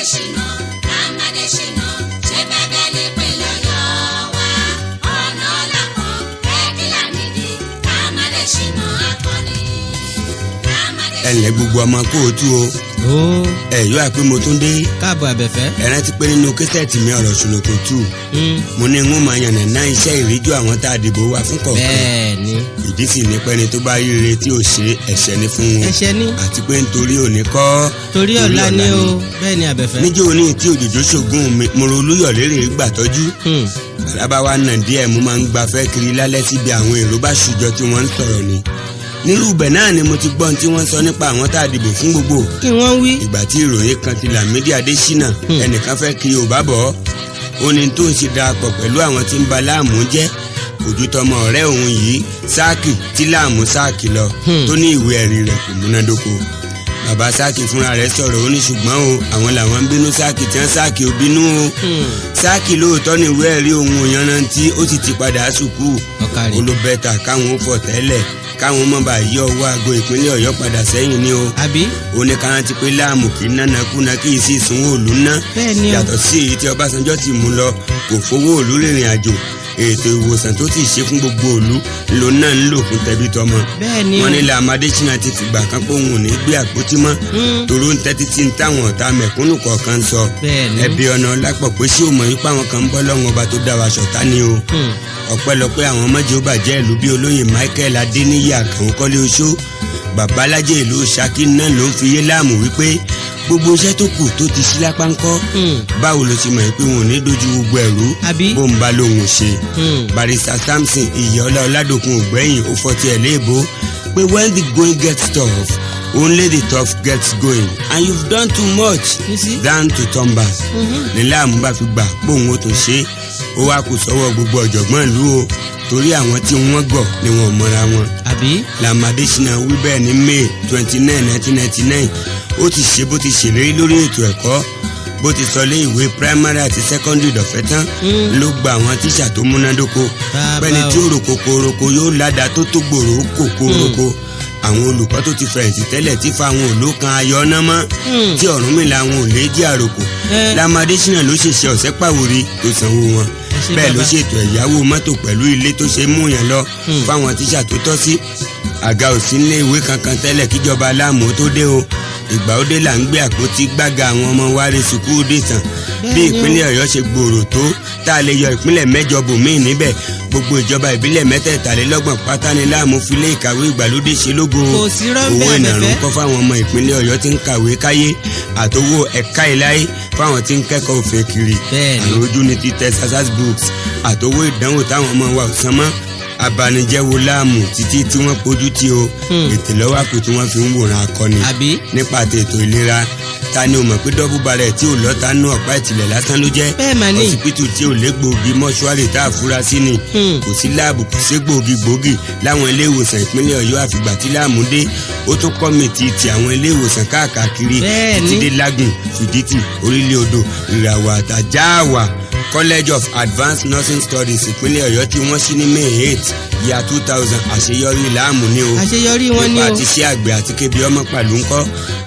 amanecimos, ẹnlẹ gbogbo ọmọ kóòtù o ẹyọ àpé mo tún dé káàbọ̀ àbẹ̀fẹ́ ẹ rántí pé nínú kẹsẹ̀tì mi ọ̀rọ̀ ṣùnùkùn tù hmm. mo ní ń máa yànnà ná iṣẹ́ ìríjú àwọn tá a dìbò wa fún kọ̀ọ̀kan ìdí sì ní pẹ́ni tó bá yíire tí ò ṣe ẹ̀ṣẹ̀ ni fún wọn àti pé nítorí òní kọ́ torí ọ̀la ni o bẹ́ẹ̀ ni àbẹ̀fẹ́. níjó oní tí òjòjò ṣògùn mi mo ro olúyọ̀lérè gbàtọ́jú hmm. bàbá wa nà díẹ̀ mo máa ń gbafẹ́ kiri lálẹ́ síbi àwọn èrò bá ṣùjọ tí wọ́n ń sọ̀rọ̀ ni nírú ibẹ̀ náà ni mo ti gbọ́n tí wọ́n sọ nípa àwọn tá a dìbò fún gbogbo. kí wọ́n wí. ìgbà tí ìròyìn kan ti Lámídì Adésínà hmm. ẹnìkan fẹ́ kí Yorùbá bọ̀ ọ́ ó ní tó ń ṣe darapọ̀ pẹ̀lú àwọn tí ń ba láàmú jẹ́ òjútọmọ ọ̀rẹ́ òun yìí sáàkì tí láàmú sáàkì lọ hmm. tó ní ìwé ẹ̀rí rẹ̀ kò múnádóko bàbá sáàkì fúnra rẹ̀ sọ̀rọ̀ ó ní ṣùgbọ́n o àwọn làwọn ń bínú sáàkì tí wọ́n sáàkì ò bínú o hmm. sáàkì lóòótọ́ ni ìwé ẹ̀rí òun ò yanrantí ó sì ti padà sùkú olùbẹ́ta káwọn ó fọ̀ tẹ́lẹ̀ káwọn mọ̀ bá yí ọwọ́ aago ìpínlẹ̀ ọ̀yọ́ padà sẹ́yìn ni o. ó ní káwọn ti pé láàmú kí nánà kúnna kí n sì sanwó òòlù ná. yàtọ̀ sí èyí tí Ọbásanjọ́ ti mú lọ kò fowó òòlù rìnrìn àjò ètò ìwòsàn tó ti ṣe fún gbogbo òlu ló náà ń lò fún tẹbí tọmọ. bẹ́ẹ̀ni wọn ní làmú adéṣínà ti fìgbà kan pé òun ò ní gbé àpótí mọ́. Hmm. tòró ń tẹ́tí tí ń táwọn ọ̀tá mẹ̀kúnnù kọ̀ọ̀kan ń sọ. ẹbí ọ̀nà ọlápọ̀ pé ṣé o mọ̀ wípé àwọn kan ń bọ́ lọ́wọ́n ọba tó dá ṣọ̀tá ni o. ọ̀pẹ́lọpẹ́ hmm. àwọn mọ́jì ó bàjẹ́ ìlú bí olóyè Michael Adéníyì àkànkọ́lé oṣó babalájẹ́ ìlú Ṣakí náà ló ń fi yé láàmú wípé gbogbo iṣẹ́ tó kù tó ti ṣí lápá hmm. báwo ló ti mọ̀ pé wọn ò ní dojú gbogbo ẹ̀rú bó ń bá lóhùn ṣe hmm. barista samson ìyáọlá ọládòkun ògbẹ́yìn ó fọ́ tiẹ̀ léèbó pé when the going gets tough only the tough gets going and you've done too much than to turn back nílẹ̀ àmúbà fi gbà bóun ó tún ṣe ó wá kù sọ́wọ́ gbogbo ọ̀jọ̀gbọ́n ìlú o torí àwọn tí wọ́n gọ̀ ni wọ́n mọ̀ra wọn. àbí. làmàdé sinna wí ní may twenty nine nineteen ninety nine ó ti ṣe bó ti ṣèlérí lórí ètò ẹ̀kọ́ bó ti sọ lé ìwé primary àti secondary dọ̀fẹ́ tán hmm. ló gba àwọn tíṣà tó múnádóko pẹ́ni tí ó rokoko roko yóò ládàá tó tó gbòòrò kòkó roko hmm. àwọn olùkọ́ tó ti fẹ̀yìntì tẹ́lẹ̀ tí fa àwọn òló kan ayọ̀ ọ́nà mọ́ hmm. tí ọ̀run mi la àwọn òlé jí àròkò eh. lamadésínà ló ṣèṣe ọ̀sẹ́ pàwórí tó sanwó wọn bẹ́ẹ̀ ló ṣètò ẹ̀yáwó mọ́tò pẹ̀lú ilé tó ṣe mú yàn lọ fáwọn tíṣà tó tọ́ sí àga òsínlé ìwé kankan tẹ́lẹ̀ kíjọba aláàmú tó dé o ìgbà ó dé là ń gbé àpótí gbága àwọn ọmọ wa rè sùkúù dé tán bí ìpínlẹ̀ ọ̀yọ́ ṣe gbòòrò tó tá a lè yọ ìpínlẹ̀ mẹ́jọ bòmíì níbẹ̀ gbogbo ìjọba ìbílẹ̀ mẹ́tẹ̀ẹ̀talélọ́gbọ̀n pátániláàmú filé ìkàwé ìgbàlódé ṣe lógo owó ìnàrún kọ́ fáwọn ọmọ ìpínlẹ̀ ọ̀yọ́ tí ń kàwé káyé àtowó ẹ̀ka ìláyé fáwọn tí ń kẹ́kọ̀ọ́ òfin kiri àròjù ni ti Texas books àtowó ìdánwò táwọn ọmọ wa ò san mọ́ abanijẹ́ wo láàmù titi tí wọ́n pojú tí o hmm. ètè lọ́wọ́ àpò tí wọ́n fi ń wòran akọni nípa àti ètò ìlera ta o mọ̀ pé dọ́bù balẹ̀ tí ò lọ́ta nú ọ̀pá ìtìlẹ̀ lásán ló jẹ́ ọsibítù tí ò légbòogi mọ́ṣúárì tá a fura sí ni hmm. kò sí láàbù kò sí gbòógì gbòógì láwọn ilé ìwòsàn ìpínlẹ̀ ọ̀yọ́ àfìgbà tí láàmú dé ó tún kọ́mìtì ti àwọn ilé ìwòsàn káàkiri títí dé lágùn fìdítì orílẹ̀ odò ìràwọ̀ college of advanced nursing studies ìpínlẹ̀ ọ̀yọ́ tí wọ́n ṣí ní may eight Year two thousand àṣeyọrí láàmú ni o àṣeyọrí wọn ni o nípa ti ṣe àgbẹ̀ àti kébi ọmọ pàlú ńkọ́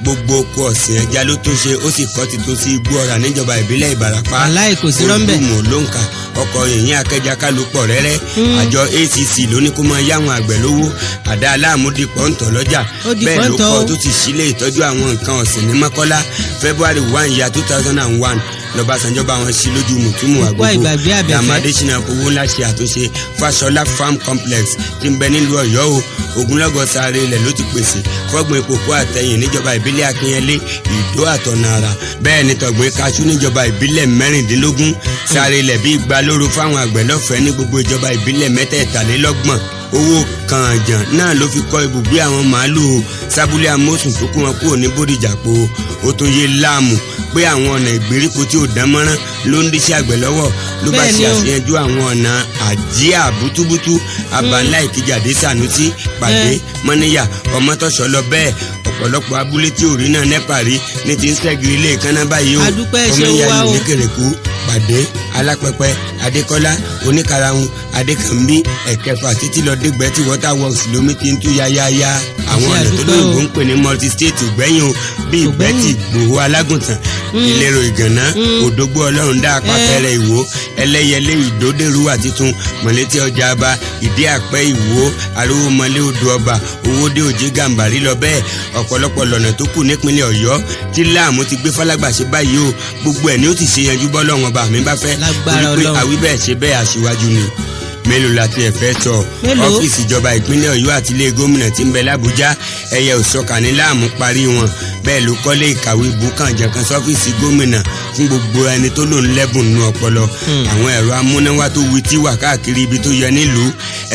gbogbo oko ọ̀sìn ẹja ló tó ṣe ó sì kọ́ ti tó sí igbó ọ̀rà níjọba ìbílẹ̀ ìbàràpá aláì kò sí rọ́ńbẹ́ olùmọ̀ ló ń kà ọkọ̀ yìnyín akẹ́jà kálùpọ̀ rẹ́rẹ́ hmm. àjọ acc ló ní kó máa yáwọn àgbẹ̀ lówó àdá aláàmú di pọ́ńtọ̀ lọ́jà bẹ́ẹ̀ ló kọ́ tó ti sílé ìtọ́jú àwọn nǹkan ọ̀sìn ní mọ́kọ́lá february one year two thousand and one lọ́bàṣánjọ́ bá wọn sí lójú mùtúmù àgbègbè dàmú adésínà owó ńlá ṣe àtúnṣe fàṣọlá farm complex tí ń bẹ nílùú ọ̀yọ́ o ogunlọ́gọ̀ sáré ilẹ̀ ló ti pèsè fọ́gbìn ìkòkò àtẹ̀yìn níjọba ìbílẹ̀ akínyẹlé ìdó àtọ̀nàrà bẹ́ẹ̀ ni tọ̀gbìn kaṣú níjọba ìbílẹ̀ mẹ́rìndínlógún sáré ilẹ̀ bíi gbalóru fáwọn àgbẹ̀ lọ́fẹ̀ẹ́ ní gbogbo ìjọba ìbílẹ̀ mẹ́tẹ̀ẹ̀tàlélọ́gbọ̀n owó kànjàn náà ló fi kọ́ ibùgbé àwọn màálù sábúlé amósùn tó kún wọn kúrò ní bódìjà po ó tún yé láàmù pé àwọn ọ̀nà ìgbèríko tí ò dán ló ń díṣẹ́ àgbẹ̀ lọ́wọ́ ló bá ṣe àṣeyànjú àwọn ọ̀nà àjíà bútúbútú abanlá ìkíjàdé sànúsí pàdé mọ́níyà ọmọtọ́ṣọ́ lọ bẹ́ẹ̀ ọ̀pọ̀lọpọ̀ abúlé tí ò náà nẹ́pà rí ní ti ń sẹ́giri ilé ìkànnà báyìí o ọmọ ìlú kèrèkú pàdé alápẹpẹ adékọlá oníkarahun adékànmí ẹ̀kẹfà títí lọ dégbẹ́ tí water works lómi ti ń tú yáyáyá àwọn ọ̀nà tó lóyìnbó ń pè ní multi state ògbẹ́yìn o bíi bẹ́tì gbòho alágùntàn hmm. ìlérò ìgànná hmm. òdógbó ọlọ́run dá apákẹ́rẹ́ eh. ìwó ẹlẹ́yẹlé ìdódèrúwà titun mọ̀létí ọjà ọba ìdí àpẹ́ ìwó ariwo mọ́lé odò ọba owóde òjì gàǹbàrí lọ bẹ́ẹ̀ ọ̀pọ̀lọpọ̀ lọ́nà tó kù nípínlẹ̀ ọ̀yọ́ tí láàmú ti gbé fálágbà ṣe báyìí o gbogbo ẹ̀ ni ó ti ṣe yanjú bọ́lọ́run ọba mi bá fẹ́ wípé àwíbẹ̀ ṣe bẹ́ẹ̀ aṣíwájú ni mélòó la tiẹ̀ fẹ́ sọ ọ́fíìsì ìjọba ìpínlẹ̀ ọ̀yọ́ àti ilé gómìnà tí ń bẹ lábújá ẹ̀yẹ òsọkànníláàmú parí wọn bẹ́ẹ̀ ló kọ́lé ìkàwé bùkànjẹ̀kan sọ́fíìsì gómìnà fún gbogbo ẹni tó lòun lẹ́bùn nínú ọpọlọ hmm. àwọn ẹ̀rọ amúnáwá tó wu tí wà káàkiri ibi tó yẹ nílùú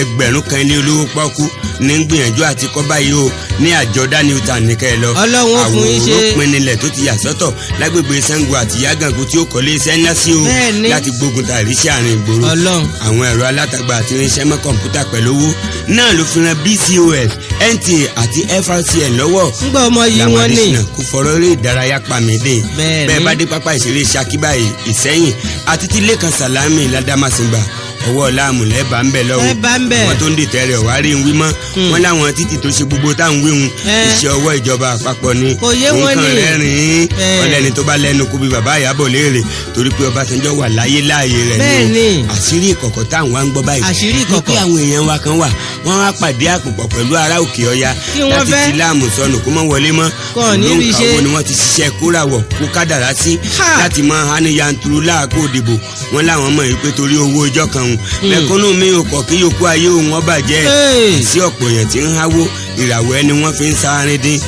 ẹgbẹ̀rún kan ilé olówó pọ́kú ní gbìyànjú àti kọ́ báyìí o ní àjọ danielton nìkẹ́ ẹ lọ àwọn olópin nílẹ̀ tó ti yà sọ́tọ̀ lágbègbè Ṣàngó àti Yágànkú tí ó kọ́lé iṣẹ́ ńlá sí o láti gbógun tàrí sí àárín ìgboro àwọn ẹ̀rọ alátagbà àti irinṣẹ́ mọ́ kọ̀ǹpútà pẹ̀lú owó náà ló fi ran BCOS NTA àti FRCN lọ́wọ́. ńgbà ọmọ yìí wọ́n ní. làwọn adesina kò fọ̀rọ̀ eré ìdárayá pàmìdé. bẹ́ẹ̀ ni bá dé pápá ìṣeré Ṣakí báyìí àti tí Lẹ́kan Sàlámì Ládàmásìngbà ọwọ́ láàmù lẹ́ẹ̀bà ń bẹ̀ lọ́wọ́ wọn tó ń dìtẹ́ rẹ̀ wá rí wí mọ́ hmm. wọn láwọn títì tó ṣe gbogbo tá à ń wíhun eh. iṣẹ́ ọwọ́ ìjọba àpapọ̀ ni nǹkan rẹ́rìn-ín eh. ọlẹ́ni tó bá lẹ́nu kó bí bàbá Ìyábọ̀ léèrè torí pé Ọbásanjọ́ wà láyé láàyè rẹ̀ ni àṣírí ìkọ̀kọ̀ táwọn wá ń gbọ́ báyìí àṣírí pé àwọn èèyàn wa kan wà wọ́n á pàdé àpòpọ̀ pẹ̀lú ará òkè ọya láti ti láàmù sọnù kó mọ́ wọlé mọ́ lóun kàwọn ni wọ́n ti ṣiṣẹ́ kóràwọ̀ kó kádàrá sí láti máa hániyan láàkó òdìbò wọn láwọn mọ̀ yìí pé torí owó ọjọ́ kan Hmm. mẹ̀kúnnù mi ò kọ̀ kí yòókù ayé òun ọba jẹ́ sí ọ̀pọ̀ èèyàn tí ń háwó ẹni wọn fi ń sáárín dín.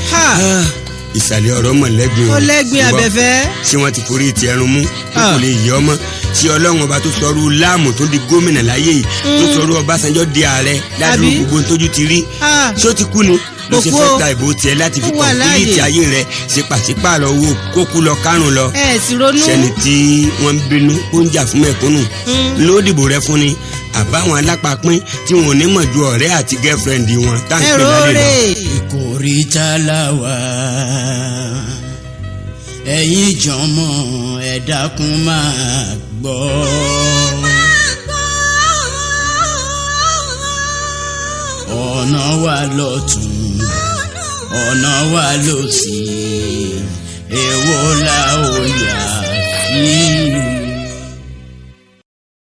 ìsàlẹ̀ ọ̀rọ̀ mọ̀lẹ́gbin o lẹ́gbin abẹ́fẹ́. ṣé wọ́n ti forí ti ẹrun mú kí kò ah. lè yí ọmọ ṣé ọlọ́run ọba tó sọrú láàmù tó di gómìnà láyé yìí tó mm. sọrú ọbásanjọ́ di ààrẹ ládùúgbò gbogbo tójú ti rí ah. ṣé ó ti kú ni ló ṣe fẹ́ ìbò tiẹ̀ láti fi kọ̀ǹpìlì ti ayé rẹ̀ ṣe pàṣípààrọ̀ owó kókú lọ kárùn lọ ṣẹni tí wọ́n ń bínú ó ń jà fún mẹ̀kúnnù mm. ló dìbò rẹ fún ni àbáwọn alápapín tí wọn ò ní mọ̀ ju ọ̀rẹ́ àti gẹ́fúrẹ́ndì wọn táǹpẹ̀ lálẹ́ lọ oríjàlá wa ẹ̀yin jọmọ ẹ dákun máa gbọ́. ọ̀nà wa lọ́tún ọ̀nà wa lọ́sì èwo la ó yà yìí.